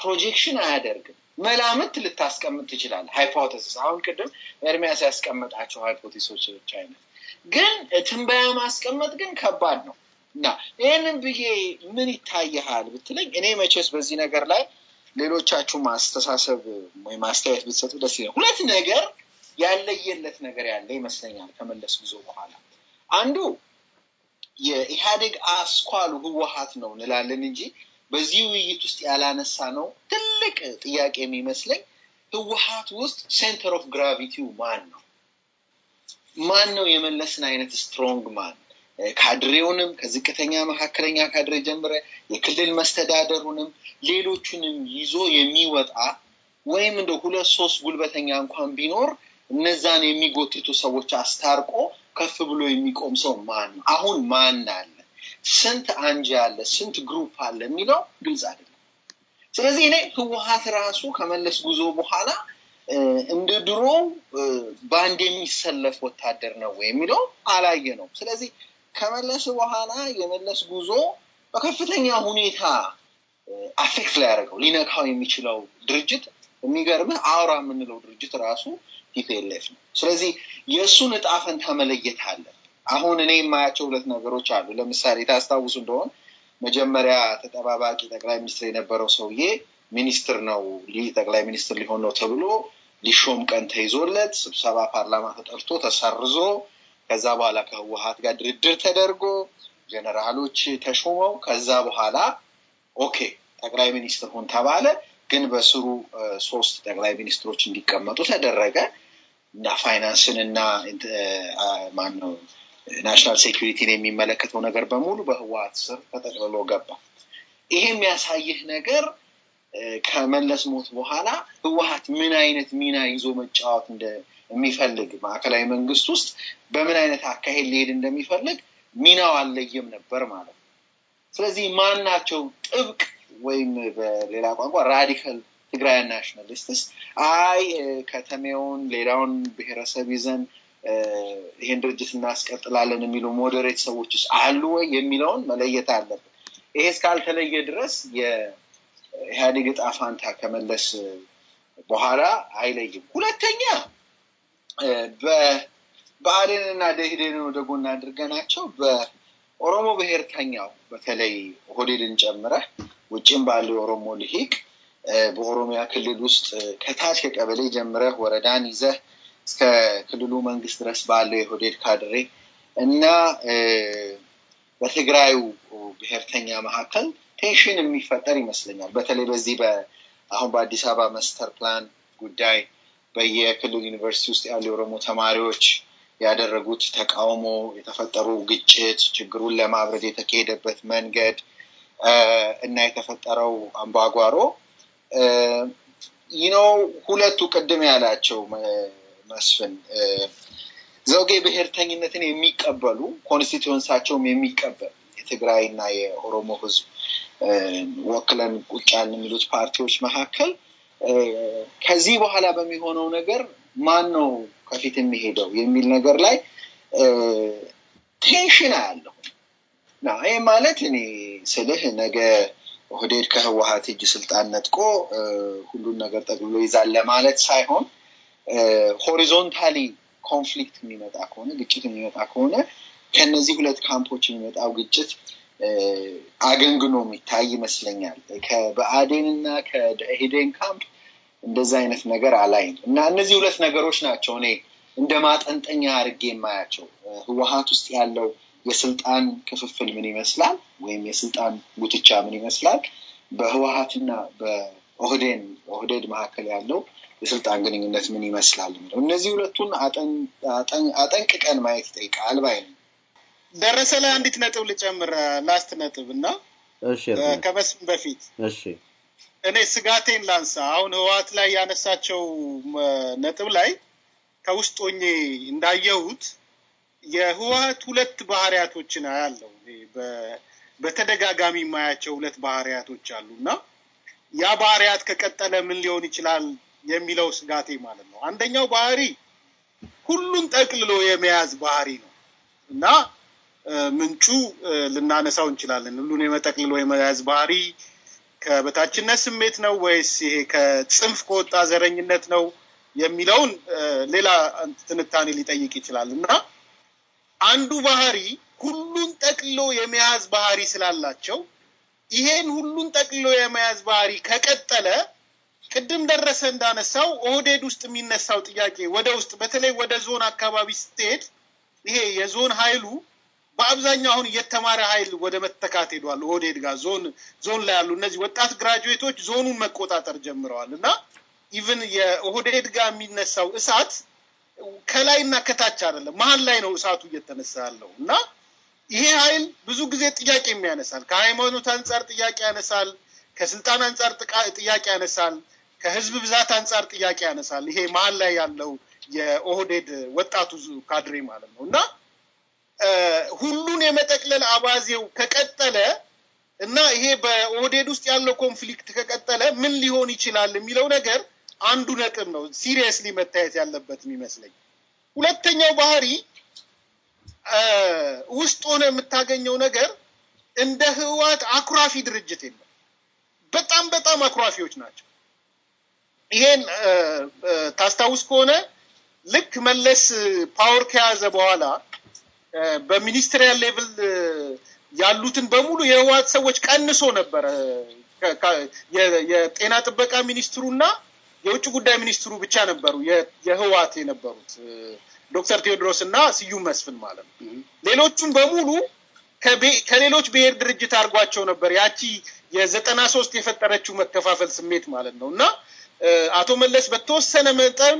ፕሮጀክሽን አያደርግም። መላምት ልታስቀምጥ ትችላል። ሃይፖቴሲስ አሁን ቅድም ኤርሚያስ ያስቀመጣቸው ሃይፖቴሶች ብቻ አይነት ግን ትንበያ ማስቀመጥ ግን ከባድ ነው እና ይህንን ብዬ ምን ይታይሃል ብትለኝ እኔ መቼስ በዚህ ነገር ላይ ሌሎቻችሁ ማስተሳሰብ ወይ ማስተያየት ብትሰጡ ደስ ይላል። ሁለት ነገር ያለየለት ነገር ያለ ይመስለኛል ከመለስ ጉዞ በኋላ አንዱ የኢህአዴግ አስኳሉ ህወሀት ነው እንላለን እንጂ በዚህ ውይይት ውስጥ ያላነሳ ነው ትልቅ ጥያቄ የሚመስለኝ ህወሀት ውስጥ ሴንተር ኦፍ ግራቪቲው ማን ነው? ማን ነው የመለስን አይነት ስትሮንግ ማን ካድሬውንም ከዝቅተኛ መካከለኛ ካድሬ ጀምረ የክልል መስተዳደሩንም ሌሎቹንም ይዞ የሚወጣ ወይም እንደ ሁለት ሶስት ጉልበተኛ እንኳን ቢኖር እነዛን የሚጎትቱ ሰዎች አስታርቆ ከፍ ብሎ የሚቆም ሰው ማን ነው? አሁን ማን አለ? ስንት አንጃ አለ? ስንት ግሩፕ አለ? የሚለው ግልጽ አይደለም። ስለዚህ እኔ ህወሀት ራሱ ከመለስ ጉዞ በኋላ እንደ ድሮ በአንድ የሚሰለፍ ወታደር ነው የሚለው አላየ ነው። ስለዚህ ከመለስ በኋላ የመለስ ጉዞ በከፍተኛ ሁኔታ አፌክት ላይ ያደርገው ሊነካው የሚችለው ድርጅት የሚገርምህ አውራ የምንለው ድርጅት ራሱ ቲፒኤልኤፍ ነው። ስለዚህ የእሱን እጣፈን ተመለየት መለየት አለ። አሁን እኔ የማያቸው ሁለት ነገሮች አሉ። ለምሳሌ ታስታውሱ እንደሆን መጀመሪያ ተጠባባቂ ጠቅላይ ሚኒስትር የነበረው ሰውዬ ሚኒስትር ነው ጠቅላይ ሚኒስትር ሊሆን ነው ተብሎ ሊሾም ቀን ተይዞለት ስብሰባ ፓርላማ ተጠርቶ ተሰርዞ ከዛ በኋላ ከህወሀት ጋር ድርድር ተደርጎ ጀነራሎች ተሾመው ከዛ በኋላ ኦኬ ጠቅላይ ሚኒስትር ሁን ተባለ። ግን በስሩ ሶስት ጠቅላይ ሚኒስትሮች እንዲቀመጡ ተደረገ እና ፋይናንስን እና ማነው ናሽናል ሴኪሪቲን የሚመለከተው ነገር በሙሉ በህወሀት ስር ተጠቅልሎ ገባ። ይሄ የሚያሳይህ ነገር ከመለስ ሞት በኋላ ህወሀት ምን አይነት ሚና ይዞ መጫወት የሚፈልግ ማዕከላዊ መንግስት ውስጥ በምን አይነት አካሄድ ሊሄድ እንደሚፈልግ ሚናው አለየም ነበር ማለት ነው። ስለዚህ ማን ናቸው ጥብቅ ወይም በሌላ ቋንቋ ራዲካል ትግራያን ናሽናሊስትስ? አይ ከተሜውን ሌላውን ብሔረሰብ ይዘን ይህን ድርጅት እናስቀጥላለን የሚሉ ሞዴሬት ሰዎች አሉ ወይ የሚለውን መለየት አለብን። ይሄ እስካልተለየ ድረስ የኢህአዴግ እጣ ፋንታ ከመለስ በኋላ አይለይም። ሁለተኛ በአዴንና ደኢህዴንን ወደ ጎን አድርገናቸው በኦሮሞ ብሔርተኛው በተለይ ሆዴድን ጨምረ ውጭም ባሉ የኦሮሞ ልሂቅ በኦሮሚያ ክልል ውስጥ ከታች ከቀበሌ ጀምረህ ወረዳን ይዘህ እስከ ክልሉ መንግስት ድረስ ባለው የሆዴድ ካድሬ እና በትግራዩ ብሔርተኛ መካከል ቴንሽን የሚፈጠር ይመስለኛል። በተለይ በዚህ አሁን በአዲስ አበባ ማስተር ፕላን ጉዳይ በየክልል ዩኒቨርሲቲ ውስጥ ያሉ የኦሮሞ ተማሪዎች ያደረጉት ተቃውሞ፣ የተፈጠሩ ግጭት፣ ችግሩን ለማብረድ የተካሄደበት መንገድ እና የተፈጠረው አምባጓሮ ይነው ሁለቱ ቅድም ያላቸው መስፍን ዘውጌ ብሔርተኝነትን የሚቀበሉ ኮንስቲትዌንሳቸውም የሚቀበል የትግራይ እና የኦሮሞ ህዝብ ወክለን ቁጫ የሚሉት ፓርቲዎች መካከል ከዚህ በኋላ በሚሆነው ነገር ማን ነው ከፊት የሚሄደው የሚል ነገር ላይ ቴንሽን አያለሁ። ይህ ማለት እኔ ስልህ ነገ ኦህዴድ ከህወሀት እጅ ስልጣን ነጥቆ ሁሉን ነገር ጠቅልሎ ይዛል ለማለት ሳይሆን ሆሪዞንታሊ ኮንፍሊክት የሚመጣ ከሆነ ግጭት የሚመጣ ከሆነ ከነዚህ ሁለት ካምፖች የሚመጣው ግጭት አገንግኖ የሚታይ ይመስለኛል። ከብአዴን እና ከደኢህዴን ካምፕ እንደዚህ አይነት ነገር አላይም እና እነዚህ ሁለት ነገሮች ናቸው እኔ እንደ ማጠንጠኛ አድርጌ የማያቸው ህወሀት ውስጥ ያለው የስልጣን ክፍፍል ምን ይመስላል ወይም የስልጣን ጉትቻ ምን ይመስላል በህወሀትና በኦህዴን ኦህዴድ መካከል ያለው የስልጣን ግንኙነት ምን ይመስላል የሚለው እነዚህ ሁለቱን አጠንቅቀን ማየት ይጠይቃል ባይ ደረሰ ላይ አንዲት ነጥብ ልጨምር ላስት ነጥብ እና ከመስም በፊት እኔ ስጋቴን ላንሳ። አሁን ህወሓት ላይ ያነሳቸው ነጥብ ላይ ከውስጥ ሆኜ እንዳየሁት የህወሓት ሁለት ባህሪያቶችን አያለው። በተደጋጋሚ የማያቸው ሁለት ባህሪያቶች አሉ እና ያ ባህሪያት ከቀጠለ ምን ሊሆን ይችላል የሚለው ስጋቴ ማለት ነው። አንደኛው ባህሪ ሁሉን ጠቅልሎ የመያዝ ባህሪ ነው እና ምንጩ ልናነሳው እንችላለን። ሁሉን የመጠቅልሎ የመያዝ ባህሪ ከበታችነት ስሜት ነው ወይስ ይሄ ከጽንፍ ከወጣ ዘረኝነት ነው የሚለውን ሌላ ትንታኔ ሊጠይቅ ይችላል እና አንዱ ባህሪ ሁሉን ጠቅሎ የመያዝ ባህሪ ስላላቸው ይሄን ሁሉን ጠቅሎ የመያዝ ባህሪ ከቀጠለ ቅድም ደረሰ እንዳነሳው ኦህዴድ ውስጥ የሚነሳው ጥያቄ ወደ ውስጥ በተለይ ወደ ዞን አካባቢ ስትሄድ ይሄ የዞን ኃይሉ በአብዛኛው አሁን የተማረ ኃይል ወደ መተካት ሄዷል። ኦህዴድ ጋር ዞን ዞን ላይ ያሉ እነዚህ ወጣት ግራጁዌቶች ዞኑን መቆጣጠር ጀምረዋል እና ኢቨን የኦህዴድ ጋር የሚነሳው እሳት ከላይና ከታች አይደለም፣ መሀል ላይ ነው እሳቱ እየተነሳ ያለው እና ይሄ ኃይል ብዙ ጊዜ ጥያቄ የሚያነሳል። ከሃይማኖት አንጻር ጥያቄ ያነሳል። ከስልጣን አንጻር ጥያቄ ያነሳል። ከህዝብ ብዛት አንጻር ጥያቄ ያነሳል። ይሄ መሀል ላይ ያለው የኦህዴድ ወጣቱ ካድሬ ማለት ነው እና ሁሉን የመጠቅለል አባዜው ከቀጠለ እና ይሄ በኦህዴድ ውስጥ ያለው ኮንፍሊክት ከቀጠለ ምን ሊሆን ይችላል የሚለው ነገር አንዱ ነጥብ ነው ሲሪየስሊ መታየት ያለበት የሚመስለኝ። ሁለተኛው ባህሪ ውስጥ ሆነ የምታገኘው ነገር እንደ ህወሓት አኩራፊ ድርጅት የለም። በጣም በጣም አኩራፊዎች ናቸው። ይሄን ታስታውስ ከሆነ ልክ መለስ ፓወር ከያዘ በኋላ በሚኒስትሪያል ሌቭል ያሉትን በሙሉ የህወሀት ሰዎች ቀንሶ ነበረ። የጤና ጥበቃ ሚኒስትሩ እና የውጭ ጉዳይ ሚኒስትሩ ብቻ ነበሩ የህወሀት የነበሩት ዶክተር ቴዎድሮስ እና ስዩም መስፍን ማለት ነው። ሌሎቹን በሙሉ ከሌሎች ብሔር ድርጅት አድርጓቸው ነበር ያቺ የዘጠና ሶስት የፈጠረችው መከፋፈል ስሜት ማለት ነው እና አቶ መለስ በተወሰነ መጠን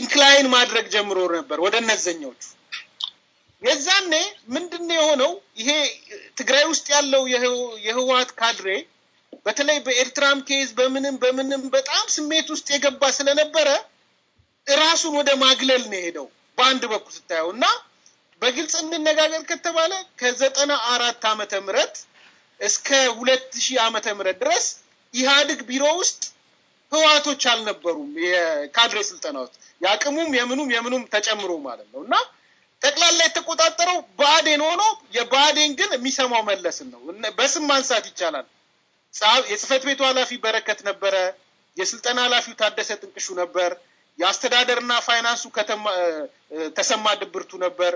ኢንክላይን ማድረግ ጀምሮ ነበር ወደ እነዘኛዎቹ የዛኔ ምንድን የሆነው ይሄ ትግራይ ውስጥ ያለው የህወሀት ካድሬ በተለይ በኤርትራም ኬዝ በምንም በምንም በጣም ስሜት ውስጥ የገባ ስለነበረ እራሱን ወደ ማግለል ነው የሄደው። በአንድ በኩል ስታየው እና በግልጽ እንነጋገር ከተባለ ከዘጠና አራት ዓመተ ምህረት እስከ ሁለት ሺህ ዓመተ ምህረት ድረስ ኢህአዴግ ቢሮ ውስጥ ህወሀቶች አልነበሩም። የካድሬ ስልጠናዎች የአቅሙም የምኑም የምኑም ተጨምሮ ማለት ነው እና ጠቅላላ የተቆጣጠረው ብአዴን ሆኖ የብአዴን ግን የሚሰማው መለስን ነው። በስም ማንሳት ይቻላል። የጽህፈት ቤቱ ኃላፊ በረከት ነበረ። የስልጠና ኃላፊው ታደሰ ጥንቅሹ ነበር። የአስተዳደርና ፋይናንሱ ተሰማ ድብርቱ ነበር።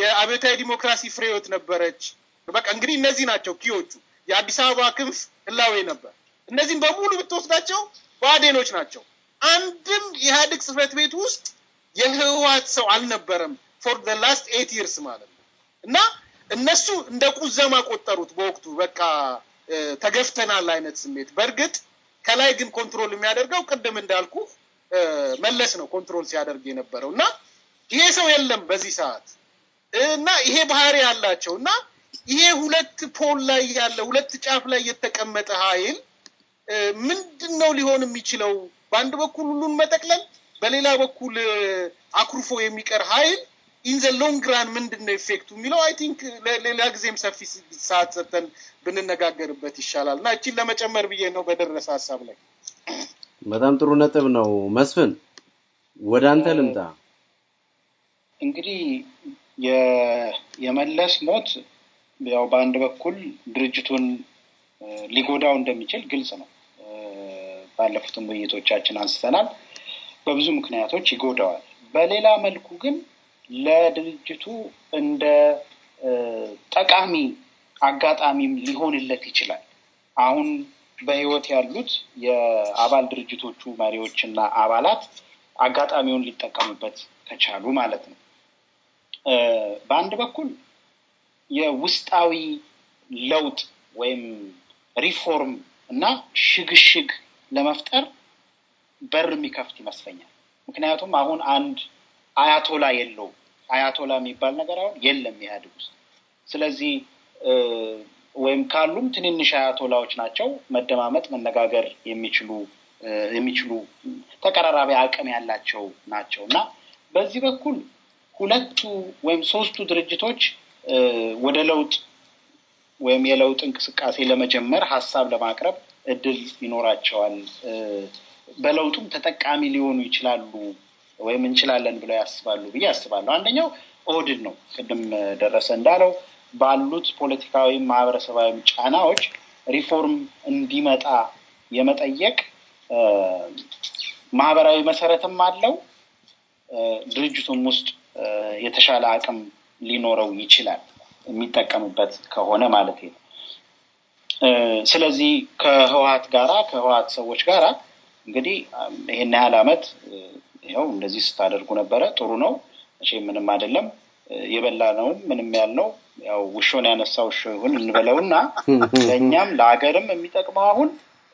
የአብዮታዊ ዲሞክራሲ ፍሬዎት ነበረች። በቃ እንግዲህ እነዚህ ናቸው ኪዎቹ። የአዲስ አበባ ክንፍ ህላዌ ነበር። እነዚህም በሙሉ ብትወስዳቸው ብአዴኖች ናቸው። አንድም ኢህአዴግ ጽህፈት ቤት ውስጥ የህወሓት ሰው አልነበረም። ፎር ዘ ላስት ኤት ይርስ ማለት ነው እና እነሱ እንደ ቁዘማ ቆጠሩት በወቅቱ በቃ ተገፍተናል አይነት ስሜት። በእርግጥ ከላይ ግን ኮንትሮል የሚያደርገው ቅድም እንዳልኩ መለስ ነው ኮንትሮል ሲያደርግ የነበረው እና ይሄ ሰው የለም በዚህ ሰዓት እና ይሄ ባህሪ ያላቸው እና ይሄ ሁለት ፖል ላይ ያለ ሁለት ጫፍ ላይ የተቀመጠ ኃይል ምንድን ነው ሊሆን የሚችለው? በአንድ በኩል ሁሉን መጠቅለል፣ በሌላ በኩል አኩርፎ የሚቀር ኃይል ኢን ዘ ሎንግ ራን ምንድን ነው ኢፌክቱ የሚለው አይ ቲንክ ሌላ ጊዜም ሰፊ ሰዓት ሰጥተን ብንነጋገርበት ይሻላል እና እቺን ለመጨመር ብዬ ነው በደረሰ ሀሳብ ላይ። በጣም ጥሩ ነጥብ ነው መስፍን፣ ወደ አንተ ልምጣ። እንግዲህ የመለስ ሞት ያው በአንድ በኩል ድርጅቱን ሊጎዳው እንደሚችል ግልጽ ነው። ባለፉትም ውይይቶቻችን አንስተናል። በብዙ ምክንያቶች ይጎዳዋል። በሌላ መልኩ ግን ለድርጅቱ እንደ ጠቃሚ አጋጣሚም ሊሆንለት ይችላል። አሁን በህይወት ያሉት የአባል ድርጅቶቹ መሪዎችና አባላት አጋጣሚውን ሊጠቀሙበት ከቻሉ ማለት ነው። በአንድ በኩል የውስጣዊ ለውጥ ወይም ሪፎርም እና ሽግሽግ ለመፍጠር በር የሚከፍት ይመስለኛል። ምክንያቱም አሁን አንድ አያቶላ የለውም። አያቶላ የሚባል ነገር አሁን የለም ኢህአዴግ ውስጥ። ስለዚህ ወይም ካሉም ትንንሽ አያቶላዎች ናቸው መደማመጥ፣ መነጋገር የሚችሉ የሚችሉ ተቀራራቢ አቅም ያላቸው ናቸው እና በዚህ በኩል ሁለቱ ወይም ሶስቱ ድርጅቶች ወደ ለውጥ ወይም የለውጥ እንቅስቃሴ ለመጀመር ሀሳብ ለማቅረብ እድል ይኖራቸዋል። በለውጡም ተጠቃሚ ሊሆኑ ይችላሉ ወይም እንችላለን ብለው ያስባሉ ብዬ ያስባሉ። አንደኛው ኦህዴድ ነው። ቅድም ደረሰ እንዳለው ባሉት ፖለቲካዊ፣ ማህበረሰባዊ ጫናዎች ሪፎርም እንዲመጣ የመጠየቅ ማህበራዊ መሰረትም አለው። ድርጅቱም ውስጥ የተሻለ አቅም ሊኖረው ይችላል የሚጠቀምበት ከሆነ ማለት ነው። ስለዚህ ከህወሀት ጋራ ከህወሀት ሰዎች ጋራ እንግዲህ ይህን ያህል አመት። ይኸው እንደዚህ ስታደርጉ ነበረ፣ ጥሩ ነው፣ እሺ፣ ምንም አይደለም፣ የበላ ነው ምንም ያልነው ያው ውሾን ያነሳ ውሾ ይሁን እንበለውና ለእኛም ለሀገርም የሚጠቅመው አሁን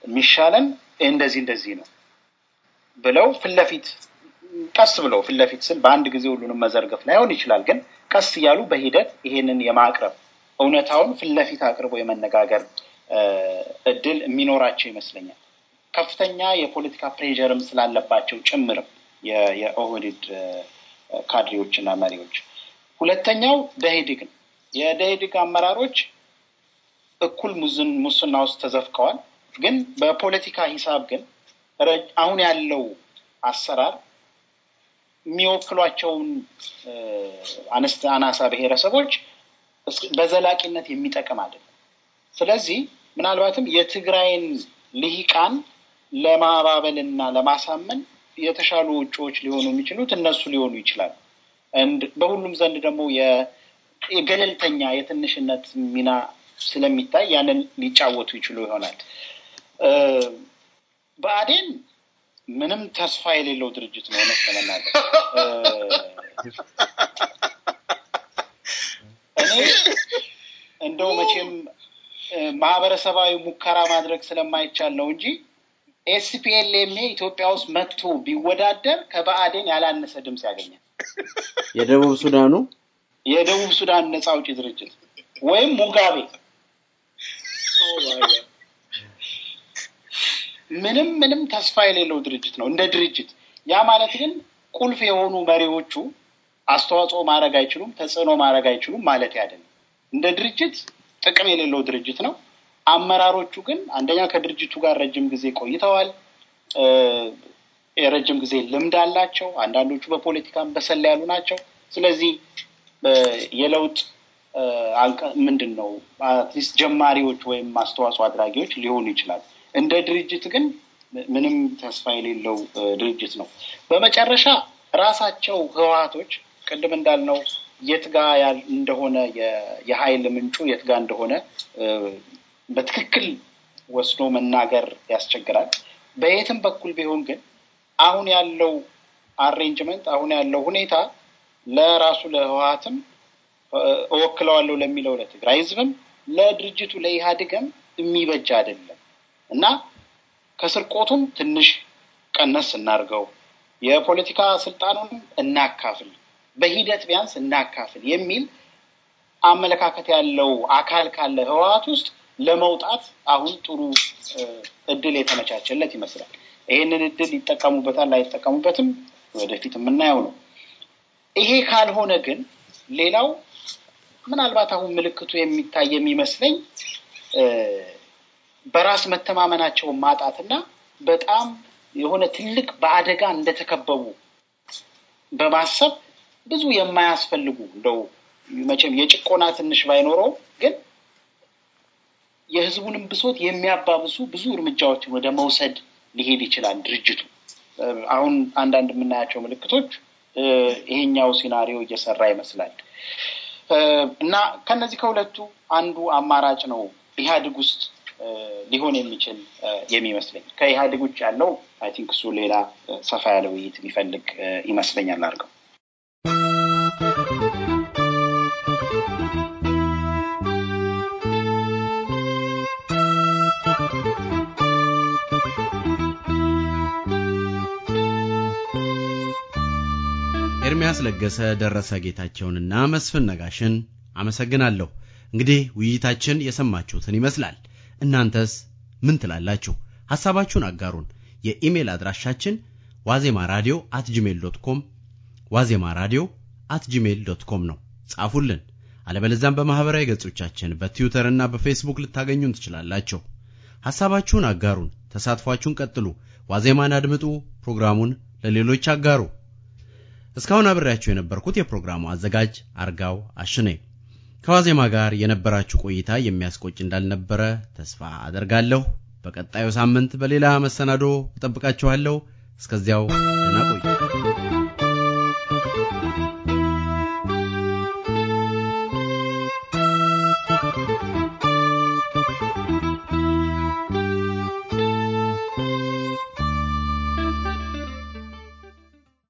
የሚሻለን እንደዚህ እንደዚህ ነው ብለው ፍለፊት ቀስ ብለው ፍለፊት ስል በአንድ ጊዜ ሁሉንም መዘርገፍ ላይሆን ይችላል፣ ግን ቀስ እያሉ በሂደት ይሄንን የማቅረብ እውነታውን ፍለፊት አቅርቦ የመነጋገር እድል የሚኖራቸው ይመስለኛል። ከፍተኛ የፖለቲካ ፕሬዠርም ስላለባቸው ጭምርም የኦህዴድ እና መሪዎች። ሁለተኛው ደሄድግ ። ነው። የደሄድግ አመራሮች እኩል ሙስና ውስጥ ተዘፍቀዋል። ግን በፖለቲካ ሂሳብ ግን አሁን ያለው አሰራር የሚወክሏቸውን አናሳ ብሔረሰቦች በዘላቂነት የሚጠቅም አይደለም። ስለዚህ ምናልባትም የትግራይን ልሂቃን ለማባበልና ለማሳመን የተሻሉ እጩዎች ሊሆኑ የሚችሉት እነሱ ሊሆኑ ይችላል። በሁሉም ዘንድ ደግሞ የገለልተኛ የትንሽነት ሚና ስለሚታይ ያንን ሊጫወቱ ይችሉ ይሆናል። በአዴን ምንም ተስፋ የሌለው ድርጅት ነው እውነት ለመናገር እኔ እንደው መቼም ማህበረሰባዊ ሙከራ ማድረግ ስለማይቻል ነው እንጂ ኤስፒኤልኤም ኢትዮጵያ ውስጥ መጥቶ ቢወዳደር ከበአዴን ያላነሰ ድምፅ ያገኛል። የደቡብ ሱዳኑ የደቡብ ሱዳን ነፃ አውጪ ድርጅት ወይም ሙጋቤ ምንም ምንም ተስፋ የሌለው ድርጅት ነው እንደ ድርጅት። ያ ማለት ግን ቁልፍ የሆኑ መሪዎቹ አስተዋጽኦ ማድረግ አይችሉም፣ ተጽዕኖ ማድረግ አይችሉም ማለት አይደለም። እንደ ድርጅት ጥቅም የሌለው ድርጅት ነው። አመራሮቹ ግን አንደኛ ከድርጅቱ ጋር ረጅም ጊዜ ቆይተዋል፣ የረጅም ጊዜ ልምድ አላቸው። አንዳንዶቹ በፖለቲካም በሰላ ያሉ ናቸው። ስለዚህ የለውጥ ምንድን ነው አትሊስት ጀማሪዎች ወይም አስተዋጽኦ አድራጊዎች ሊሆኑ ይችላል። እንደ ድርጅት ግን ምንም ተስፋ የሌለው ድርጅት ነው። በመጨረሻ ራሳቸው ህወሀቶች ቅድም እንዳልነው የትጋ እንደሆነ የሀይል ምንጩ የትጋ እንደሆነ በትክክል ወስዶ መናገር ያስቸግራል። በየትም በኩል ቢሆን ግን አሁን ያለው አሬንጅመንት አሁን ያለው ሁኔታ ለራሱ ለህወሀትም እወክለዋለሁ ለሚለው ለትግራይ ህዝብም ለድርጅቱ ለኢህአዴግም የሚበጅ አይደለም እና ከስርቆቱም ትንሽ ቀነስ እናድርገው፣ የፖለቲካ ስልጣኑን እናካፍል፣ በሂደት ቢያንስ እናካፍል የሚል አመለካከት ያለው አካል ካለ ህወሀት ውስጥ ለመውጣት አሁን ጥሩ እድል የተመቻቸለት ይመስላል። ይህንን እድል ይጠቀሙበታል አይጠቀሙበትም፣ ወደፊት የምናየው ነው። ይሄ ካልሆነ ግን ሌላው ምናልባት አሁን ምልክቱ የሚታይ የሚመስለኝ በራስ መተማመናቸውን ማጣትና በጣም የሆነ ትልቅ በአደጋ እንደተከበቡ በማሰብ ብዙ የማያስፈልጉ እንደው መቼም የጭቆና ትንሽ ባይኖረው ግን የህዝቡንም ብሶት የሚያባብሱ ብዙ እርምጃዎችን ወደ መውሰድ ሊሄድ ይችላል ድርጅቱ። አሁን አንዳንድ የምናያቸው ምልክቶች ይሄኛው ሲናሪዮ እየሰራ ይመስላል እና ከነዚህ ከሁለቱ አንዱ አማራጭ ነው ኢህአዴግ ውስጥ ሊሆን የሚችል የሚመስለኝ ከኢህአዴግ ውጭ ያለው አይ ቲንክ እሱ ሌላ ሰፋ ያለ ውይይት የሚፈልግ ይመስለኛል አድርገው ኤልያስ ለገሰ፣ ደረሰ ጌታቸውንና መስፍን ነጋሽን አመሰግናለሁ። እንግዲህ ውይይታችን የሰማችሁትን ይመስላል። እናንተስ ምን ትላላችሁ? ሐሳባችሁን አጋሩን። የኢሜል አድራሻችን ዋዜማ ራዲዮ አት ጂሜል ዶት ኮም ዋዜማ ራዲዮ አት ጂሜል ዶት ኮም ነው። ጻፉልን። አለበለዚያም በማኅበራዊ ገጾቻችን በትዊተርና በፌስቡክ ልታገኙን ትችላላችሁ። ሐሳባችሁን አጋሩን። ተሳትፏችሁን ቀጥሉ። ዋዜማን አድምጡ፣ ፕሮግራሙን ለሌሎች አጋሩ። እስካሁን አብሬያችሁ የነበርኩት የፕሮግራሙ አዘጋጅ አርጋው አሽኔ። ከዋዜማ ጋር የነበራችሁ ቆይታ የሚያስቆጭ እንዳልነበረ ተስፋ አደርጋለሁ። በቀጣዩ ሳምንት በሌላ መሰናዶ እጠብቃችኋለሁ። እስከዚያው ደህና ቆዩ።